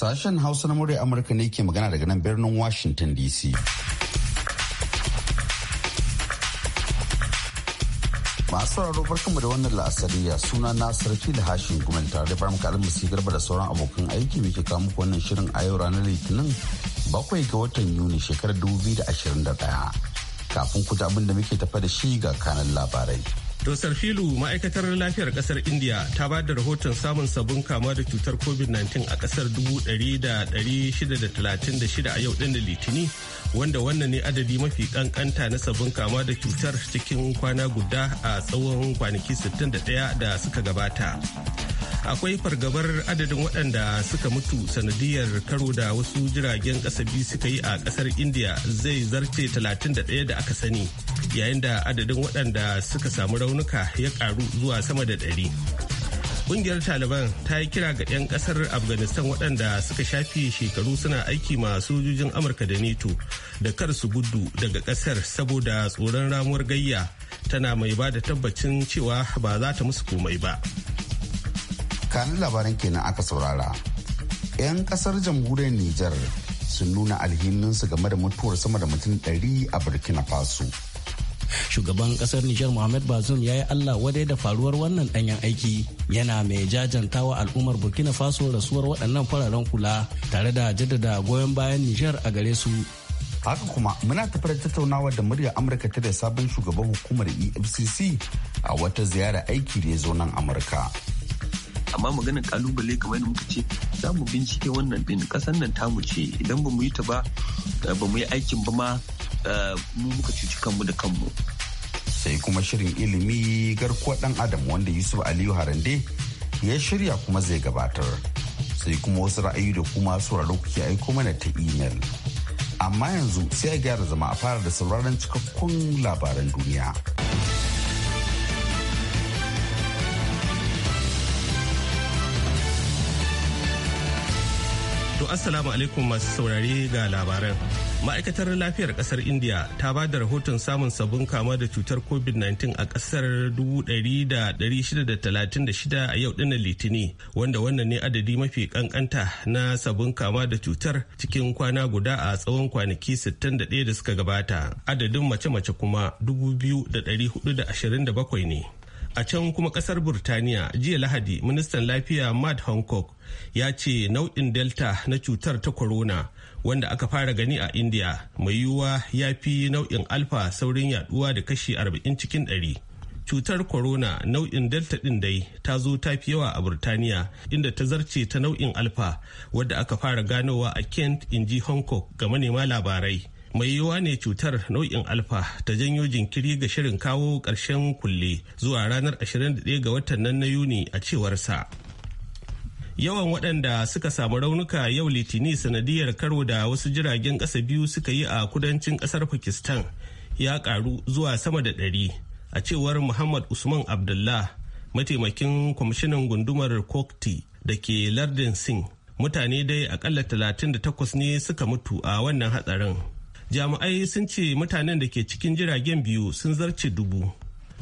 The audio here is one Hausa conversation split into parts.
Sashen Hausa na murya Amurka ne ke magana daga nan birnin Washington DC. Masu sauraro barkanmu da wannan la'asariya suna na sarki da hashin gumen tare da farmaka kalin musu garba da sauran abokan aiki muke kawo muku wannan shirin a yau ranar litinin bakwai ga watan Yuni shekarar 2021. Kafin ku abin da muke tafa da shi ga kanan labarai. Dr. filu ma'aikatar lafiyar kasar India ta ba da rahoton samun sabon kama da cutar COVID-19 a kasar 1,636 a yau ɗin da litini wanda wannan ne adadi mafi kankanta na sabbin kama da cutar cikin kwana guda a tsawon kwanaki 61 da suka gabata. akwai fargabar adadin waɗanda suka mutu sanadiyar karo da wasu jiragen ƙasa biyu suka yi a ƙasar india zai zarce 31 da aka sani yayin da adadin waɗanda suka samu raunuka ya ƙaru zuwa sama da ɗari. Ƙungiyar Taliban ta yi kira ga 'yan ƙasar Afghanistan waɗanda suka shafi shekaru suna aiki masu sojojin Amurka da neto da kar su gudu daga ƙasar saboda tsoron ramuwar gayya tana mai ba da tabbacin cewa ba za ta musu komai ba. kanun labaran kenan aka saurara 'yan kasar jamhuriyar nijar sun nuna alhininsu game da mutuwar sama da mutum 100 a burkina faso shugaban kasar Nijar Mohamed Bazoum ya yi Allah wadai da faruwar wannan danyen aiki yana mai jajantawa al'ummar Burkina Faso rasuwar waɗannan fararen kula tare da jaddada goyon bayan Nijar a gare su. Haka kuma muna tafiyar tattaunawa da muryar Amurka ta da sabon shugaban hukumar EFCC a wata ziyara aiki da ya zo nan Amurka. amma maganin kalubale kamar yadda muka ce za mu bincike wannan din kasan nan tamu ce idan ba mu yi ta ba eh, ba mu yi aikin ba ma eh, mu muka cuci kanmu da kanmu sai kuma shirin ilimi garkuwar dan adam wanda yusuf aliyu harande ya shirya kuma zai gabatar sai kuma wasu ra'ayi da kuma ku kuke aiko mana ta imel amma yanzu sai a gyara zama a fara da sauraron cikakkun labaran duniya. assalamu alaikum masu saurari ga labaran. Ma'aikatar lafiyar kasar India ta ba da rahoton samun sabon kama da cutar COVID-19 a kasar 1,636 a yau dina litini wanda wannan ne adadi mafi kankanta na sabon kama da cutar cikin kwana guda a tsawon kwanaki 61 da suka gabata. Adadin mace-mace kuma 2,427 ne. a can kuma kasar burtaniya jiya lahadi ministan lafiya matt hancock ya ce nau'in delta na cutar ta corona wanda aka fara gani a india mai yiwuwa ya fi nau'in alpha saurin yaduwa da kashi 40 cikin 100 cutar corona nau'in delta din dai ta zo ta fi yawa a burtaniya inda ta zarce ta nau'in alpha wadda aka fara ganowa a kent inji hancock ga manema labarai mai yiwuwa ne cutar nau'in alfa ta janyo jinkiri ga shirin kawo ƙarshen kulle zuwa ranar 21 ga watan nan na yuni a cewarsa yawan waɗanda suka samu raunuka yau litini sanadiyar karo da wasu jiragen ƙasa biyu suka yi a kudancin ƙasar pakistan ya ƙaru zuwa sama da ɗari a cewar muhammad usman abdullah mataimakin kwamishinan gundumar kokti da ke lardin singh mutane dai akalla 38 ne suka mutu a wannan hatsarin jami'ai sun ce mutanen da ke cikin jiragen biyu sun zarce dubu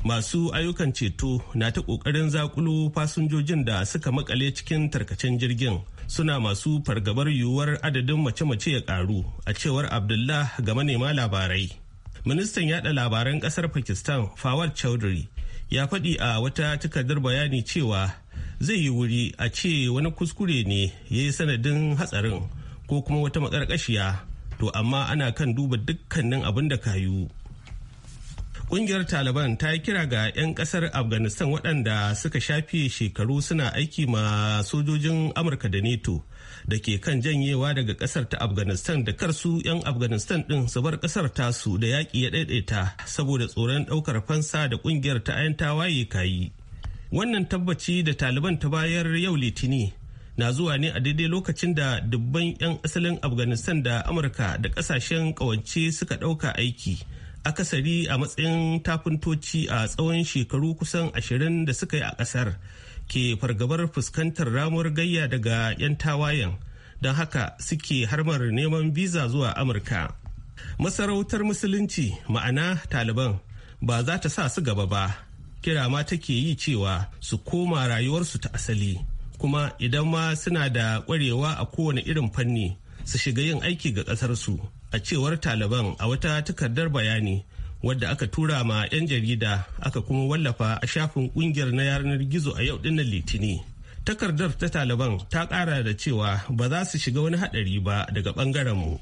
masu ayyukan ceto na ta kokarin zakulo fasinjojin da suka makale cikin tarkacen jirgin suna masu fargabar yiwuwar adadin mace-mace ya karu a cewar abdullah ga manema labarai ministan yada labaran kasar pakistan fawad chowdhury ya faɗi a wata takardar bayani cewa zai yi wuri a ce wani kuskure ne ya yi sanadin hatsarin ko kuma wata makarkashiya to amma ana kan duba dukkanin abin da ka yiwu kungiyar taliban ta yi kira ga 'yan kasar afghanistan waɗanda suka shafi shekaru suna aiki ma sojojin amurka da neto da ke kan janyewa daga kasar ta afghanistan da karsu 'yan afghanistan ɗin su bar kasar tasu da yaƙi ya ɗaiɗaita saboda tsoron ɗaukar fansa da kungiyar ta 'yan tawaye kayi wannan tabbaci da taliban ta bayar yau litini na zuwa ne a daidai lokacin da dubban 'yan asalin afghanistan da amurka da kasashen kawance suka ɗauka aiki akasari a matsayin tafintoci a tsawon shekaru kusan ashirin da suka yi a ƙasar ke fargabar fuskantar ramuwar gayya daga 'yan tawayen don haka suke harmar neman biza zuwa amurka masarautar musulunci ma'ana taliban ba za ta sa su gaba ba kira ma take yi cewa su koma rayuwarsu ta asali kuma idan ma suna da ƙwarewa a kowane irin fanni su shiga yin aiki ga ƙasarsu a cewar taliban a wata takardar bayani wadda aka tura ma 'yan jarida aka kuma wallafa a shafin ƙungiyar na yanar gizo a yau dinnan litini takardar ta taliban ta ƙara da cewa ba za su shiga wani haɗari ba daga ɓangaren mu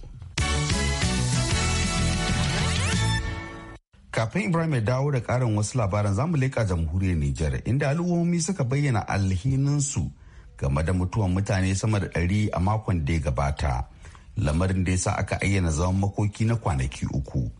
kafin ibrahim ya dawo da karin wasu labaran zamu leƙa jamhuriyar nijar inda al'ummomi suka bayyana alhininsu su game da mutuwan mutane sama da ɗari a makon da ya gabata lamarin da ya sa aka ayyana zaman makoki na kwanaki uku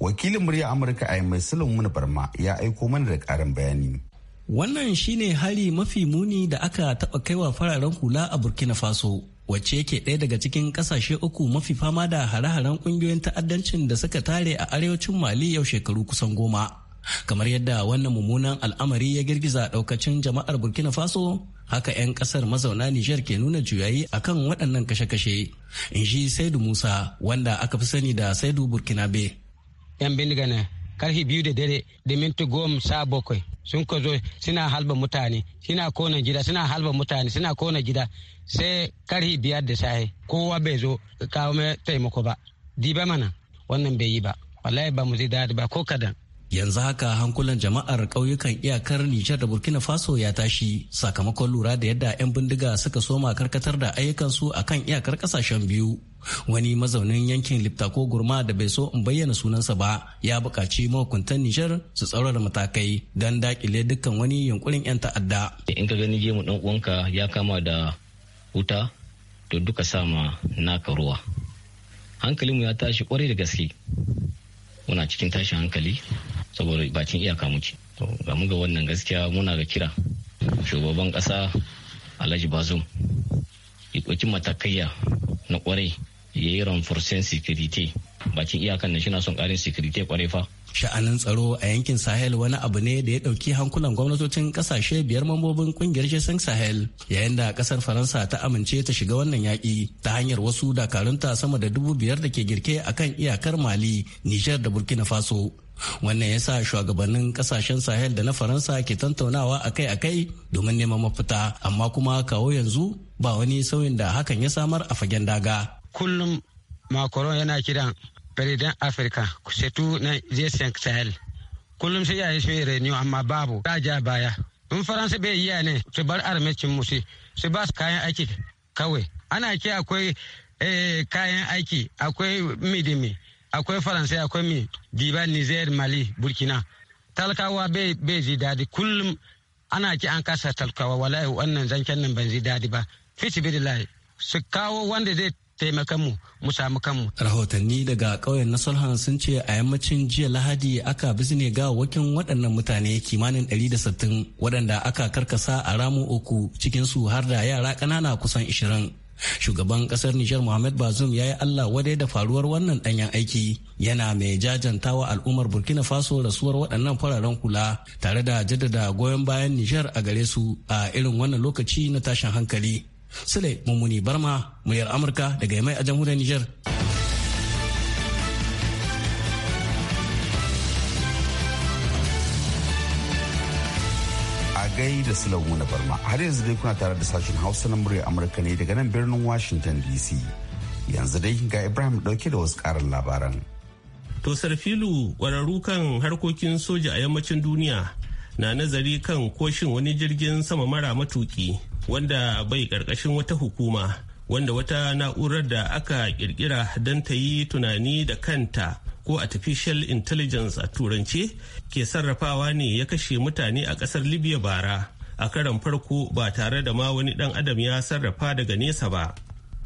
wakilin murya amurka a mai sulaimun barma ya aiko mana da ƙarin bayani wannan shine hari mafi muni da aka taɓa wa fararen hula a burkina faso wacce yake ɗaya daga cikin ƙasashe uku mafi fama da hare-haren ƙungiyoyin ta'addancin da suka tare a arewacin mali yau shekaru kusan goma kamar yadda wannan mummunan al'amari ya girgiza daukacin jama'ar burkina faso haka 'yan kasar mazauna nijar ke nuna juyayi akan waɗannan kashe-kashe in ji saidu musa wanda aka fi sani da saidu burkina be. yan bindiga ne karfi biyu da dare da minti goma sa bakwai sun ka zo suna halba mutane suna kona gida suna halba mutane suna kona gida sai karhi biyar da sahi kowa bai zo kawo mai taimako ba diba mana wannan bai yi ba wallahi ba mu zai dadi ba ko kadan yanzu haka hankulan jama'ar kauyukan iyakar nijar da burkina faso ya tashi sakamakon lura da yadda 'yan bindiga suka soma karkatar da ayyukansu a kan iyakar kasashen biyu wani mazaunin yankin liptako gurma da bai so in bayyana sunansa ba ya buƙaci mahukuntan nijar su tsaurar matakai don dakile dukkan wani yunkurin 'yan ta'adda in ka gani gemu ɗan uwanka ya kama da wuta to duka sama naka ruwa hankalinmu ya tashi kwarai da gaske muna cikin tashin hankali saboda bakin iyaka muke to ga mu wannan gaskiya muna ga kira shugaban kasa alhaji bazum ya ɗauki matakaiya na kwarai ya yi ramforsen security bakin iyakan nan shi na son karin security kwarai fa sha'anin tsaro a yankin sahel wani abu ne da ya ɗauki hankulan gwamnatocin ƙasashe biyar mambobin ƙungiyar jason sahel yayin da ƙasar faransa ta amince ta shiga wannan yaƙi ta hanyar wasu dakarunta sama da dubu biyar da ke girke a kan iyakar mali nijar da burkina faso wannan ya sa shugabannin kasashen sahel da na faransa ke tantaunawa akai-akai domin neman mafita amma kuma kawo yanzu ba wani sauyin da hakan ya samar a fagen daga kullum macron yana kiran firidan afirka kusetu na jason sahel kullum sai yayi su renew amma babu ta ja baya in faransa bai yi ne su bar armacin musu su ba su kayan aiki kawai ana ke akwai eh, kayan aiki akwai midimi akwai faransa akwai mi diba niger mali burkina talakawa bai ji daɗi kullum ana ki an kasa talakawa wallahi wannan zancen nan ban ji dadi ba fiti bidillahi su kawo wanda zai taimaka mu mu samu kanmu. Rahotanni daga ƙauyen na Solhan sun ce a yammacin jiya Lahadi aka bizne ga wakin waɗannan mutane kimanin ɗari da sittin waɗanda aka karkasa a ramu uku cikinsu har da yara ƙanana kusan 20. shugaban kasar nijar mohamed bazoum ya yi allah wadai da faruwar wannan danyen aiki yana mai jajantawa al'ummar burkina faso rasuwar waɗannan fararen kula tare da jaddada goyon bayan nijar a gare su a irin wannan lokaci na tashin hankali sule mummuni barma muryar amurka daga yamai a jamhuriyar nijar gai da Silan wani barma har yanzu dai kuna tare da sashen Hausa na murya Amurka ne daga nan birnin Washington DC. Yanzu dai ga Ibrahim dauke da wasu karin labaran. To Sarfilu ƙwararru kan harkokin soja a yammacin duniya na nazari kan koshin wani jirgin sama mara matuki wanda bai ƙarƙashin wata hukuma wanda wata na'urar da aka ƙirƙira don ta yi tunani da kanta ko artificial intelligence a turance ke sarrafawa ne ya kashe mutane a kasar libya bara a karan farko ba tare da ma wani dan adam ya sarrafa daga nesa ba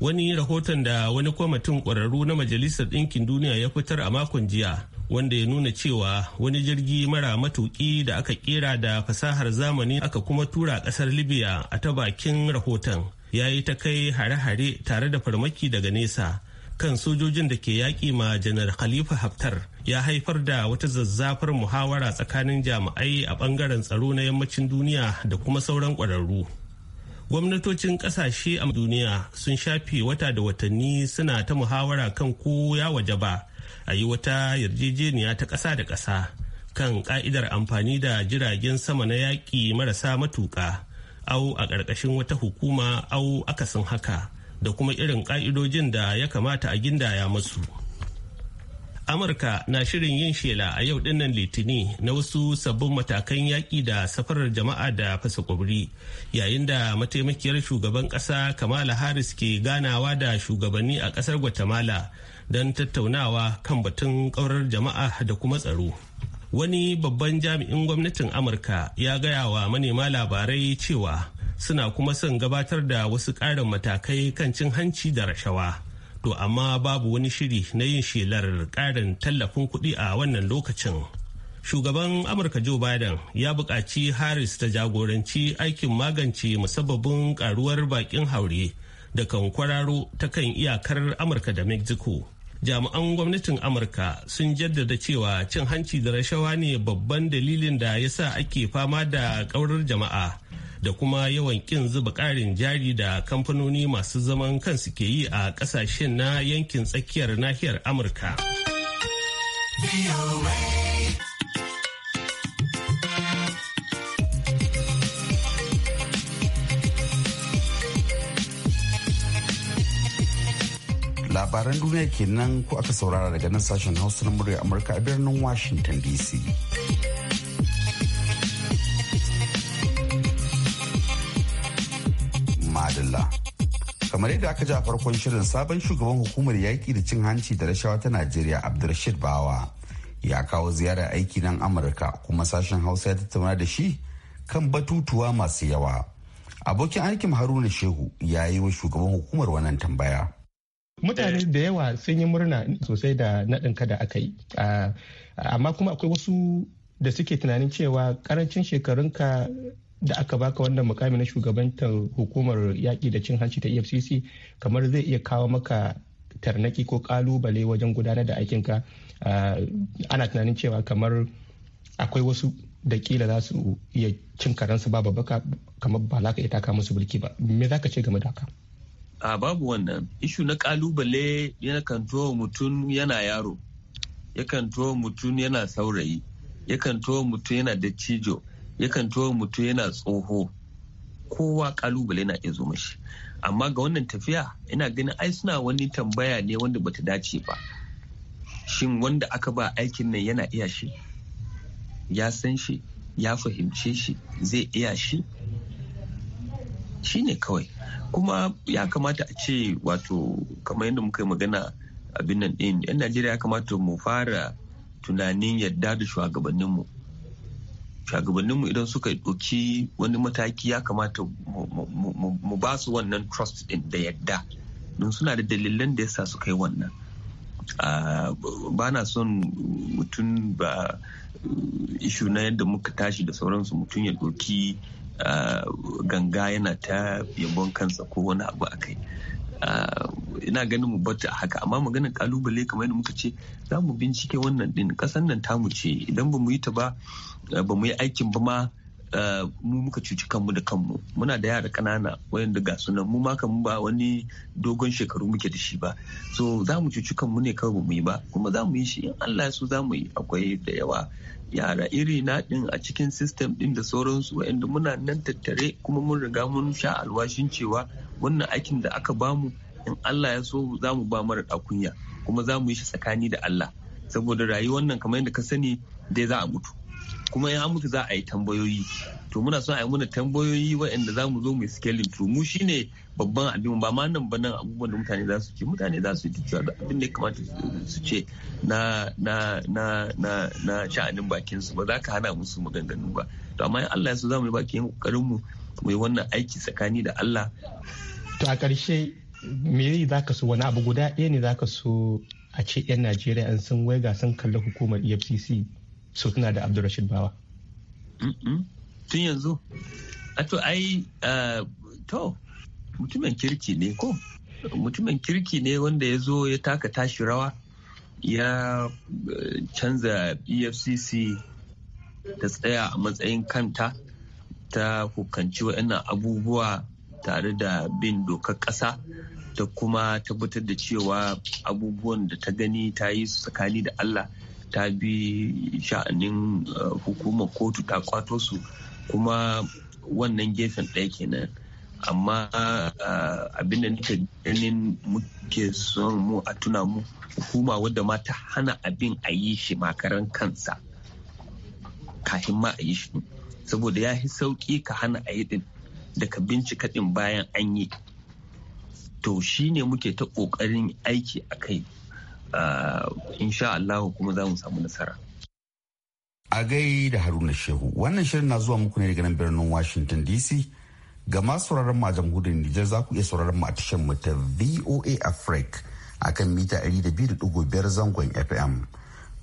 wani rahoton da wani kwamitin ƙwararru na majalisar ɗinkin duniya ya fitar a makon jiya wanda ya nuna cewa wani jirgi mara matuƙi da aka kera da fasahar zamani aka kuma tura ƙasar libya a ta bakin rahoton ya yi ta kai hare-hare tare da farmaki daga nesa kan sojojin da ke yaƙi ma janar khalifa haftar ya haifar da wata zazzafar muhawara tsakanin jami'ai a ɓangaren tsaro na yammacin duniya da kuma sauran ƙwararru gwamnatocin ƙasashe a duniya sun shafe wata da watanni suna ta muhawara kan ko ya waje ba a yi wata yarjejeniya ta ƙasa da ƙasa kan ƙa'idar amfani da jiragen sama na yaƙi marasa matuƙa au a ƙarƙashin wata hukuma au akasin haka da kuma irin ƙa'idojin da ya kamata a gindaya musu Amurka na shirin yin shela a yau dinnan litini na wasu sabbin matakan yaƙi da safarar jama'a da fasa kwabri yayin da mataimakiyar shugaban ƙasa Kamala Harris ke ganawa da shugabanni a ƙasar Guatemala don tattaunawa kan batun ƙaurar jama'a da kuma tsaro. Wani babban jami'in gwamnatin Amurka ya gaya wa manema labarai cewa suna kuma son gabatar da wasu ƙarin matakai kan cin hanci da rashawa to amma babu wani shiri na yin shelar ƙarin tallafin kuɗi a wannan lokacin shugaban amurka joe biden ya buƙaci harris ta jagoranci aikin magance musabbabin ƙaruwar baƙin haure da kan kwararo ta kan iyakar amurka da mexico jami'an gwamnatin amurka sun jaddada cewa cin hanci da rashawa ne babban dalilin da ya sa ake fama da ƙaurar jama'a da kuma yawan kin zuba karin jari da kamfanoni masu zaman kansu ke yi a kasashen na yankin tsakiyar nahiyar amurka labaran duniya kenan ko aka saurara daga nan sashen hausa na murya amurka a birnin washington dc kamar yadda aka ji a farkon shirin sabon shugaban hukumar yaƙi da cin hanci da rashawa ta najeriya abdulrashid bawa ya kawo ziyarar aiki nan amurka kuma sashen hausa ya tattauna da shi kan batutuwa masu yawa abokin aikin haruna shehu ya yi wa shugaban hukumar wannan tambaya mutane da yawa sun yi murna sosai da naɗin kada aka yi amma kuma akwai wasu da suke tunanin cewa karancin shekarunka da aka baka wannan mukami na shugabantar hukumar yaƙi da cin hanci ta efcc kamar zai iya kawo maka tarnaki ko kalubale wajen gudanar da aikinka ana tunanin cewa kamar akwai wasu da kila za su iya cin karansu ba baka kamar ba za ka iya taka musu bulki ba me za ka ce game da haka a babu wannan ishu na kalubale yakan towa mutum yana yaro yakan towa mutum yana saurayi yakan towa mutum yana da cijo yakan tuwo mutu yana tsoho kowa kalubale na iya zo mashi amma ga wannan tafiya ina ganin ai suna wani tambaya ne wanda bata dace ba shin wanda aka ba aikin nan yana iya shi ya san shi ya fahimce shi zai iya shi shi kawai kuma ya kamata a ce wato kamar yadda muka yi magana abin nan yan najeriya ya kamata mu fara tunanin yadda da shugabanninmu shugabanninmu idan suka ɗauki wani mataki ya kamata mu ba su wannan trust din da yadda don suna da dalilan da yasa suka yi wannan ba na son mutum ba ishu na yadda muka tashi da sauransu mutum ya ɗauki ganga yana ta yabon kansa ko wani abu a kai ina ganin mu bata haka amma maganin kalubale kamar yadda muka ce za mu bincike wannan din kasan nan tamu ce idan ba mu yi ta ba ba mu yi aikin ba ma Eh, mu muka cuci kanmu da kanmu muna da yara ƙanana wayanda ga sunan mu ma mu ba wani dogon shekaru muke da shi ba so za mu cuci kanmu ne kawai mu yi ba kuma za mu yi shi in Allah ya so za mu yi akwai da yawa yara iri na din a cikin system din da sauransu wayanda muna nan tattare kuma mun riga mun sha alwashin cewa wannan aikin da aka bamu in Allah ya so za mu ba mara ɗakunya kuma za mu yi shi tsakani da Allah saboda rayuwar nan kamar yadda ka sani dai za a mutu kuma ya mutu za a yi tambayoyi to muna son a yi mana tambayoyi waɗanda za mu zo mu scaling to mu shine babban abin ba ma nan ba nan abubuwan da mutane za su ce mutane za su ji cewa abin da ya kamata su ce na na na na na sha'anin bakin su ba za ka hana musu maganganu ba to amma in Allah ya so za mu yi baki kokarin mu mu yi wannan aiki tsakani da Allah to a ƙarshe me za ka so wani abu guda ɗaya ne za ka so a ce 'yan Najeriya sun waiga sun kalli hukumar EFCC su tuna da abdulrashid bawa tun yanzu to ai uh, to mutumin kirki ne ko mutumin kirki ne wanda ya zo ya taka tashi rawa ya uh, canza efcc ta tsaya a matsayin kanta ta hukanci waɗannan abubuwa tare da bin dokar ƙasa ta kuma tabbatar da cewa abubuwan da ta gani ta yi su tsakani da allah ta bi sha'anin uh, hukumar kotu ta kwato su kuma wannan gefen ɗaya kenan amma uh, abinda nake ganin muke son mu a tuna mu hukuma wadda ma ta hana abin a yi shi makaran kansa kafin ma a yi shi saboda ya fi sauƙi ka hana a yi din da ka bincika din bayan an yi to shi ne muke ta ƙoƙarin aiki a kai Ah, insha Allah kuma za mu samu nasara. A gai da Haruna Shehu, wannan shirin na zuwa muku ne daga nan birnin Washington DC. Ga masu sauraron mu a jamhuriyar Nijar za ku iya sauraron mu a tashar mu ta VOA Africa a kan mita 200.5 zangon FM.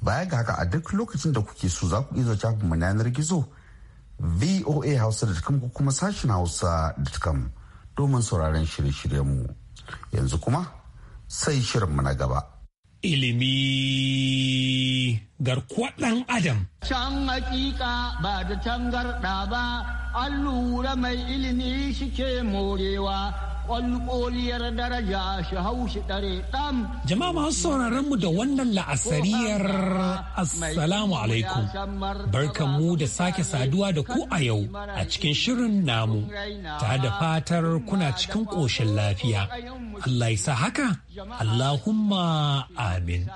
Baya ga haka a duk lokacin da kuke so za ku iya zaca mu na yanar gizo VOA Hausa da ko kuma sashen Hausa.com domin sauraron shirye-shiryen mu. Yanzu kuma sai shirin mu na gaba. ilimi garkuwar ɗan adam. Can hakika ba da tangarɗa ba, an lura mai ilimi shike morewa daraja shi hau Jama'a masu sauraron mu da wannan la'asariyar Assalamu alaikum. Barkan mu da sake saduwa da ku a yau a cikin shirin namu. Ta da fatar kuna cikin koshin lafiya. Allah ya sa haka? Allahumma amin.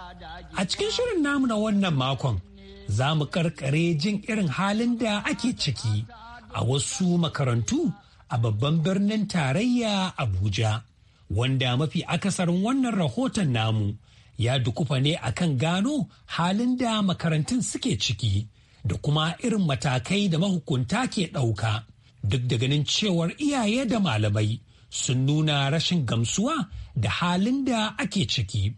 A cikin shirin namu na wannan makon za mu karkare jin irin halin da ake ciki a wasu makarantu. a babban birnin tarayya Abuja, wanda mafi akasarin wannan rahoton namu ya dukufa ne kan gano halin da makarantun suke ciki da kuma irin matakai da mahukunta ke ɗauka duk da ganin cewar iyaye da malamai sun nuna rashin gamsuwa da halin da ake ciki.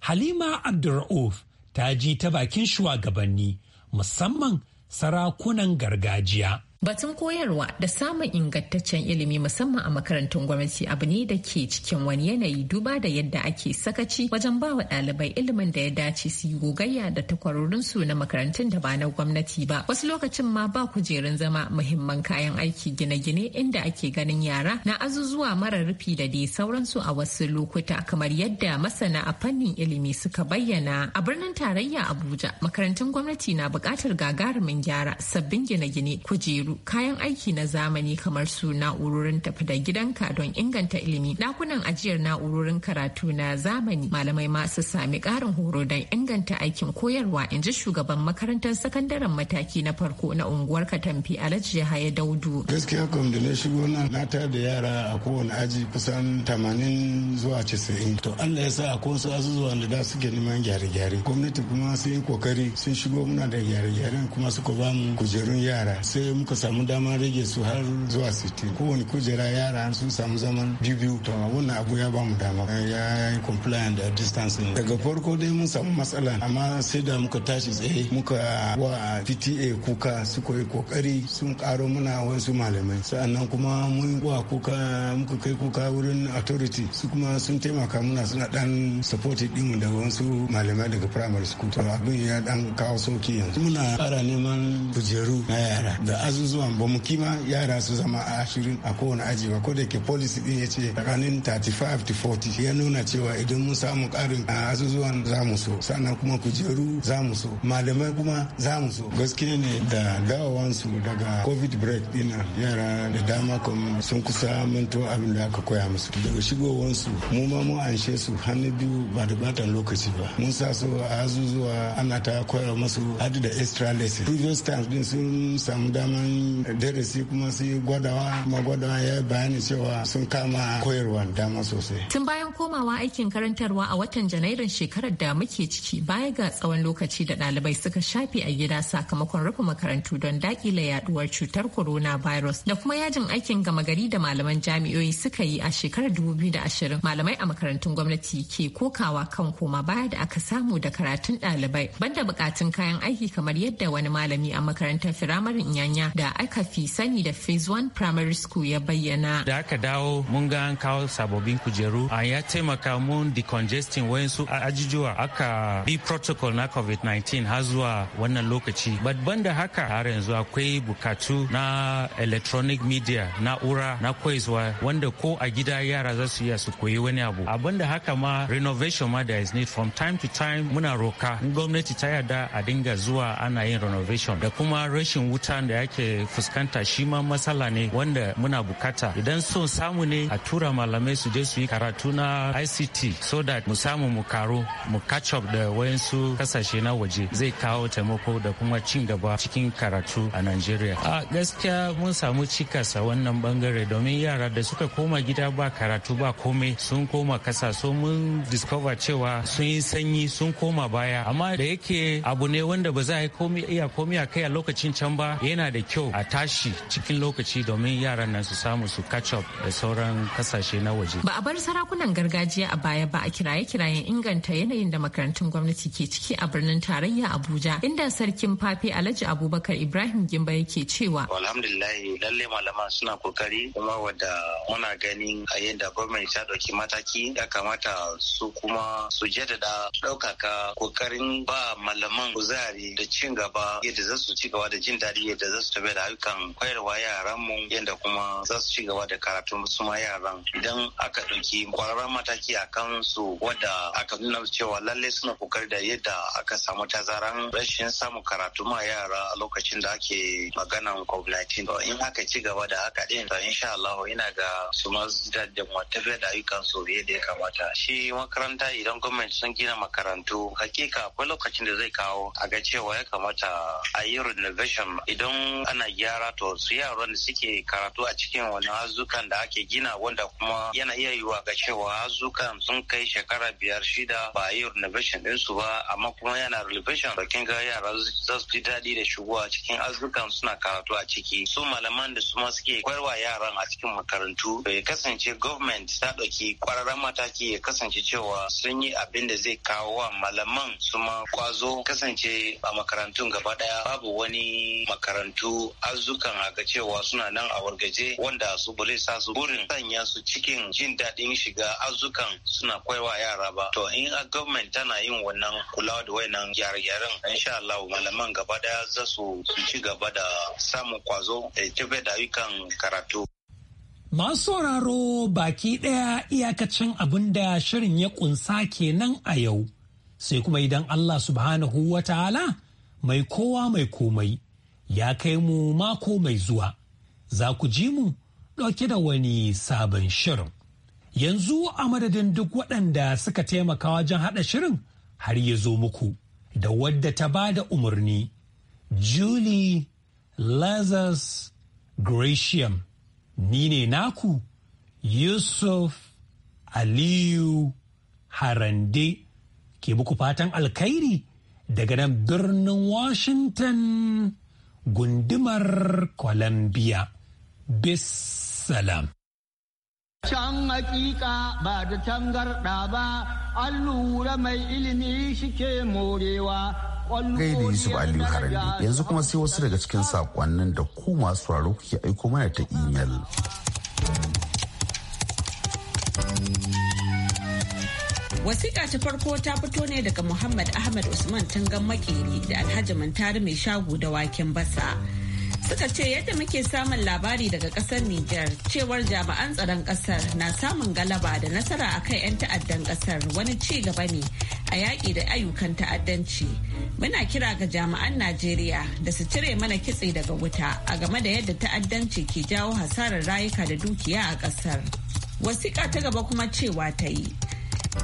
Halima Abdur'uf ta ji ta bakin shugabanni musamman sarakunan gargajiya. Batun koyarwa da samun ingantaccen ilimi musamman a makarantun gwamnati abu ne da ke cikin wani yanayi duba da yadda ake sakaci wajen ba wa ɗalibai ilimin da ya dace su yi gogayya da takwarorinsu na makarantun da ba na gwamnati ba. Wasu lokacin ma ba kujerun zama muhimman kayan aiki gine-gine inda ake ganin yara na azuzuwa mara rufi da dai sauransu a wasu lokuta kamar yadda masana a fannin ilimi suka bayyana. A birnin tarayya Abuja makarantun gwamnati na buƙatar gagarumin gyara sabbin gine-gine kujeru hudu kayan aiki na zamani kamar su na'urorin tafi da gidanka don inganta ilimi dakunan ajiyar na'urorin karatu na zamani malamai masu sami karin horo don inganta aikin koyarwa in ji shugaban makarantar sakandaren mataki na farko na unguwar katamfi alhaji yahaya daudu gaskiya kam da na shigo na tar da yara a kowane aji kusan tamanin zuwa casa'in to allah ya sa a kowasu azuzuwan da da suke neman gyare-gyare gwamnati kuma sun yi kokari sun shigo muna da gyare-gyaren kuma suka ba mu kujerun yara sai muka samu damar rage su har zuwa 60 kowane kujera yara sun samu zaman biyu to wannan abu ya mu dama eh, ya yi compliant da distancing daga farko dai mun samu matsala amma sai da muka tashi tsaye muka wa PTA kuka su koyi kokari sun karo muna wasu malamai sa'annan kuma mun wa kuka muka kai kuka wurin authority su kuma sun taimaka muna suna dan support din da wasu malamai daga primary school to abin ya dan kawo sauki yanzu muna fara neman kujeru na yara da azuzu zuwa ba mu kima yara su zama a ashirin a kowane aji ba ko da ke policy din ya ce tsakanin 35 to 40 ya nuna cewa idan mun samu karin azuzuwan za mu so sannan kuma kujeru za mu so malamai kuma za mu so gaskiya ne da dawowansu daga covid break dina yara da dama kuma sun kusa manto abin da aka koya musu daga shigowansu mu ma mu anshe su hannu biyu ba da batan lokaci ba mun sa su a azuzuwa ana ta koya musu hadu da extra lesson previous times din sun samu daman yi darasi kuma su yi gwadawa kuma gwadawa ya yi bayani cewa sun kama koyarwa dama sosai. Tun bayan komawa aikin karantarwa a watan Janairun shekarar da muke ciki baya ga tsawon lokaci da ɗalibai suka shafe a gida sakamakon rufe makarantu don dakile yaduwar cutar corona virus da kuma yajin aikin gama gari da malaman jami'o'i suka yi a shekarar dubu biyu da ashirin malamai a makarantun gwamnati ke kokawa kan koma baya da aka samu da karatun ɗalibai banda bukatun kayan aiki kamar yadda wani malami a makarantar firamarin Inyanya da da aka fi sani da phase 1 primary school ya bayyana. Da aka dawo mun ga an kawo sababbin kujeru a ya taimaka mun decongesting su ajijuwa aka bi protocol na COVID-19 har zuwa wannan lokaci. Babban da haka har yanzu akwai bukatu na electronic media na ura na kwaizuwa wanda ko a gida yara za su iya su koyi wani abu. Abin da haka ma renovation ma da is need from time to time muna roka gwamnati ta yarda a dinga zuwa ana yin renovation da kuma rashin wuta da yake fuskanta shi ma matsala ne wanda muna bukata idan so samu ne a tura malamai su je su yi karatu na ICT so that mu samu mu karo mu catch up da wayansu kasashe na waje zai kawo taimako da kuma cin gaba cikin karatu a nigeria. A gaskiya mun samu cikasa wannan bangare domin yara da suka koma gida ba karatu ba komai sun koma kasa so mun discover cewa sun yi sanyi sun koma baya amma da yake abu ne wanda ba za a yi iya komai a kai a lokacin can ba yana da kyau kyau a tashi cikin lokaci domin yaran nan su samu su catch up da sauran kasashe na waje. Ba a bar sarakunan gargajiya a baya ba a kiraye-kirayen inganta yanayin da makarantun gwamnati ke ciki a birnin tarayya Abuja inda sarkin fafe Alhaji Abubakar Ibrahim Gimba yake cewa. Alhamdulillah lalle malaman suna kokari kuma wadda muna ganin a yadda gwamnati ta ɗauki mataki ya kamata su kuma su jaddada ɗaukaka kokarin ba malaman kuzari da cin gaba yadda za su ci gaba da jin daɗi yadda za su tabi game da ayyukan koyarwa mu yadda kuma za su ci gaba da karatun su ma yaran idan aka ɗauki kwararren mataki a kan su wadda aka nuna cewa lalle suna kokari da yadda aka samu tazaran rashin samu karatu ma yara a lokacin da ake maganan covid-19 in aka ci gaba da haka ɗin to insha Allah ina ga su ma da tafiyar da ayyukan su yadda ya kamata shi makaranta idan gwamnati sun gina makarantu hakika akwai lokacin da zai kawo a ga cewa ya kamata a yi renovation idan ana ana gyara to su yaran da suke karatu a cikin wani hazukan da ake gina wanda kuma yana iya yiwa ga cewa hazukan sun kai shekara biyar shida ba a yi renovation ɗinsu ba amma kuma yana renovation da kin yara za su ji daɗi da a cikin hazukan suna karatu a ciki su malaman da su ma suke koyarwa yaran a cikin makarantu bai kasance government ta ɗauki ƙwararren mataki ya kasance cewa sun yi abin da zai kawo wa malaman su ma kwazo kasance a makarantun gaba ɗaya babu wani makarantu arzukan azukan haka cewa suna nan a wargaje wanda su ba sa su burin sanya su cikin jin daɗin shiga arzukan suna kwaiwa yara ba to in a gwamnati tana yin wannan kulawa da wayannan gyare-gyaren insha Allah malaman gaba daya za su ci gaba da samun kwazo da tafiya da ayyukan karatu Masu sauraro baki ɗaya iyakacin abin da shirin ya ƙunsa kenan a yau, sai kuma idan Allah subhanahu wa ta'ala mai kowa mai komai ya kai mu mako mai zuwa za ku ji mu ɗauke da wani sabon shirin. Yanzu a madadin duk waɗanda suka taimaka wajen haɗa shirin har ya zo muku da wadda ta ba da umarni. Julie Lazarus Gratiam ni ne naku Yusuf Aliyu Harande ke muku fatan alkhairi daga nan birnin Washington gundumar Columbia. bissalam Can hakika ba da tangarda ba, an lura mai ilimi shike morewa. Gaida Yusuf Aliyu Harande yanzu kuma sai wasu daga cikin saƙonnin da ku masu raro kuke aiko mana ta imel. Wasiƙa ta farko ta fito ne daga Muhammad Ahmad Usman tangan Makeri da Alhaji Mantari mai shago da waken basa. Suka ce yadda muke samun labari daga ƙasar Nijar cewar jami'an tsaron kasar na samun galaba da nasara a kan 'yan ta'addan kasar wani ci gaba ne a yaƙi da ayyukan ta'addanci. Muna kira ga jami'an Najeriya da su cire mana kitse daga wuta a game da yadda ta'addanci ke jawo hasarar rayuka da dukiya a kasar Wasiƙa ta gaba kuma cewa ta yi.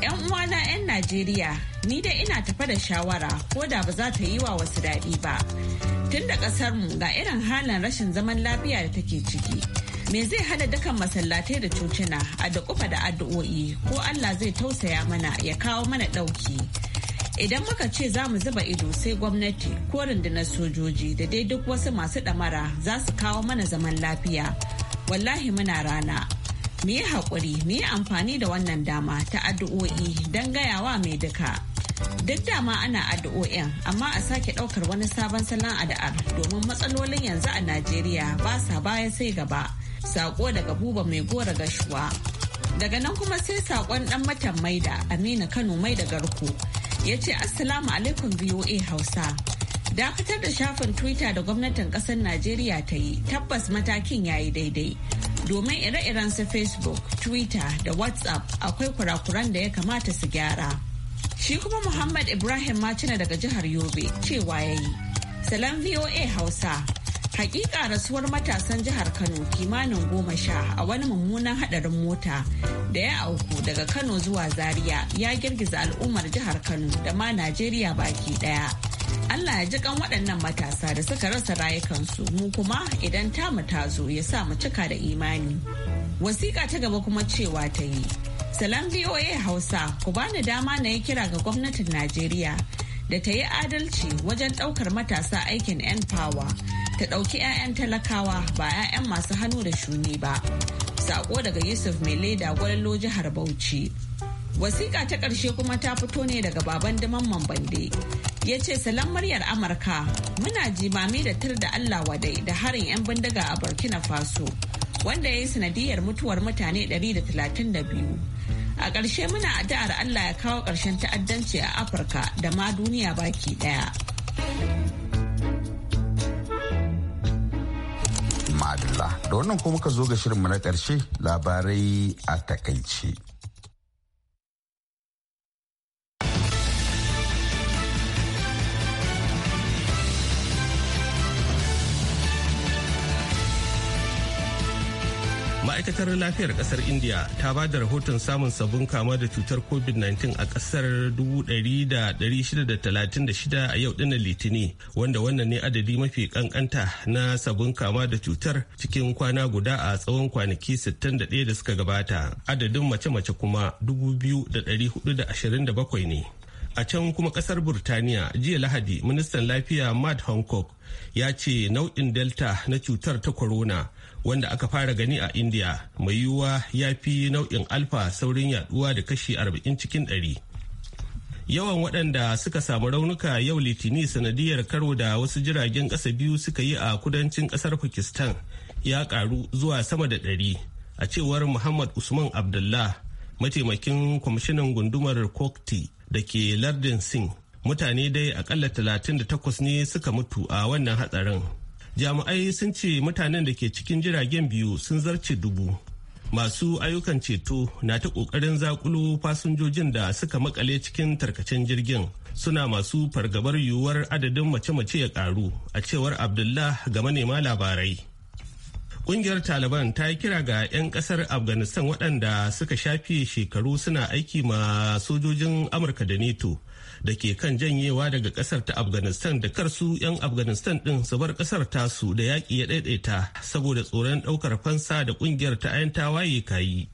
'Yan uwana 'yan Najeriya, ni dai ina tafa da shawara ko da ba za ta yi wa wasu daɗi ba. Tun da mu ga irin halin rashin zaman lafiya da take ciki. me zai hana dukan masallatai da cocina a da kufa da addu'o'i ko Allah zai tausaya mana ya kawo mana ɗauki. Idan muka ce za mu zuba ido sai gwamnati ko rundunar sojoji da dai duk wasu masu ɗamara za su kawo mana zaman lafiya. Wallahi muna rana. mu yi haƙuri mu yi amfani da wannan dama ta addu'o'i don gayawa mai duka duk dama ana addu'o'in amma a sake ɗaukar wani sabon salon addu'ar domin matsalolin yanzu a najeriya ba sa baya sai gaba saƙo daga buba mai gora gashuwa daga nan kuma sai saƙon ɗan matan maida amina kano mai da garko ya ce assalamu alaikum voa hausa dakatar da shafin twitter da gwamnatin kasar najeriya ta yi tabbas matakin ya yi daidai domin ire-iren su facebook twitter da whatsapp akwai kurakuran da ya kamata su gyara shi kuma muhammad ibrahim macina daga jihar yobe cewa ya yi salon voa hausa hakika rasuwar matasan jihar kano kimanin goma sha a wani mummunan hadarin mota da ya auku daga kano zuwa zaria ya girgiza al'ummar jihar kano da ma najeriya baki daya Allah ya ji kan waɗannan matasa da suka rasa rayukansu mu kuma idan ta ta zo ya sa mu cika da imani. Wasiƙa ta gaba kuma cewa ta yi. Salam VOA Hausa ku bani dama na yi kira ga gwamnatin Najeriya da ta yi adalci wajen ɗaukar matasa aikin 'yan fawa ta ɗauki 'ya'yan talakawa ba 'ya'yan masu hannu da shuni ba. Sako daga Yusuf Mai Leda Gwalalo jihar Bauchi. Wasiƙa ta ƙarshe kuma ta fito ne daga baban Diman Mambande. ya ce salam muryar amurka muna jimami da tur da allah wadai da harin 'yan bindiga a burkina faso wanda ya yi sanadiyar mutuwar mutane 132 a ƙarshe muna addu'ar allah ya kawo ƙarshen ta'addanci a afirka da ma duniya baki ɗaya madalla da wannan kuma muka zo ga shirinmu na ƙarshe labarai a takaice. ma'aikatar lafiyar kasar india ta ba da rahoton samun sabon kama da cutar covid-19 a kasar 1,636 a yau dina litini wanda wannan ne adadi mafi kankanta na sabon kama da cutar cikin kwana guda a tsawon kwanaki 61 da suka gabata adadin mace-mace kuma 2,427 ne a can kuma kasar burtaniya jiya lahadi ministan lafiya matt hancock ya ce nau'in delta na cutar ta corona wanda aka fara gani a india mai yiwuwa ya fi nau'in alfa saurin yaduwa da kashi 40 cikin 100 yawan waɗanda suka samu raunuka yau litini sanadiyar karo da wasu jiragen ƙasa biyu suka yi a kudancin ƙasar pakistan ya ƙaru zuwa sama da 100 a cewar muhammad usman abdullah mataimakin kwamishinan gundumar kokti da ke lardin singh mutane dai akalla 38 ne suka mutu a wannan hatsarin jami'ai sun ce mutanen da ke cikin jiragen biyu sun zarce dubu masu ayyukan ceto na ta kokarin zakulo fasinjojin da suka makale cikin tarkacen jirgin suna masu fargabar yiwuwar adadin mace-mace ya karu a cewar abdullah ga manema labarai kungiyar taliban ta yi kira ga 'yan kasar afghanistan waɗanda suka shafe shekaru suna aiki ma sojojin amurka da neto da ke kan janyewa daga kasar ta afghanistan da karsu 'yan afghanistan din su bar kasar su da yaƙi ya daidaita saboda tsoron ɗaukar fansa da ƙungiyar ta waye tawaye kayi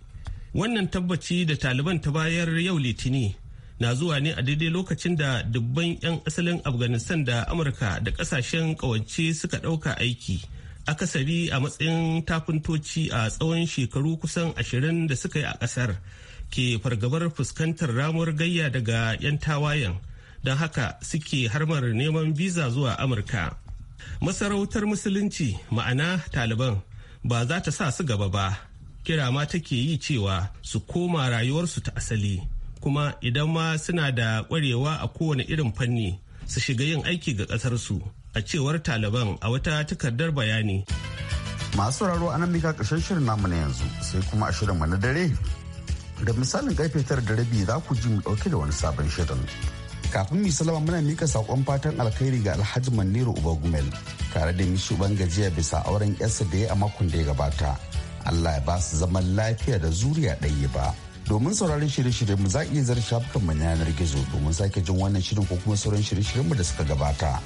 wannan tabbaci da taliban ta bayar yau litini na zuwa ne a daidai lokacin da dubban 'yan asalin afghanistan da amurka da kasashen kawance suka ɗauka aiki akasari a matsayin tafintoci a tsawon shekaru kusan ashirin da suka yi a ƙasar ke fargabar fuskantar ramuwar gayya daga 'yan tawayen don haka suke harmar neman biza zuwa amurka masarautar musulunci ma'ana taliban ba za ta sa su gaba ba kira ma take yi cewa su koma rayuwarsu ta asali kuma idan ma suna da kwarewa a kowane irin fanni su shiga yin aiki ga ƙasarsu a cewar taliban a wata takardar bayani masu raro anan mika ƙarshen shirin namu na yanzu sai kuma a shirin na dare da misalin karfe tara da rabi za ku ji mu dauke da wani sabon shirin kafin mu salama muna mika sakon fatan alkhairi ga alhaji maniru uba gumel tare da mishi gajiya bisa auren yarsa da ya a makon da ya gabata allah ya ba su zaman lafiya da zuriya ɗaya ba domin sauraron shirye-shiryen mu za iya zar shafukan mu yanar gizo domin sake jin wannan shirin ko kuma sauran shirye-shiryen mu da suka gabata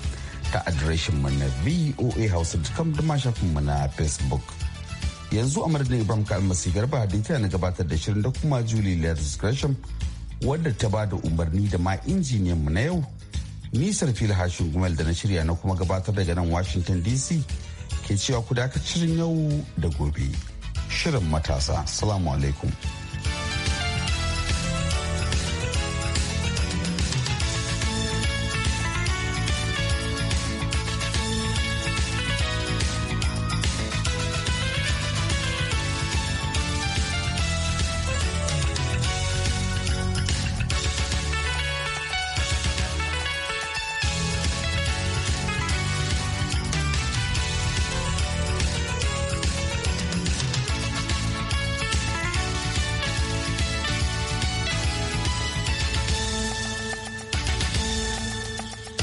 ta adireshin mu na voa hausa da ma shafin mu na facebook yanzu a madadin ibrahim ka almasi garba da na gabatar da shirin da kuma julie lair discretion wadda ta ba da umarni da ma injiniyan mu na yau nisar fil hashin gumel da na shirya na kuma gabatar daga nan washington dc ke cewa ku dakatar yau da gobe shirin matasa salamu alaikum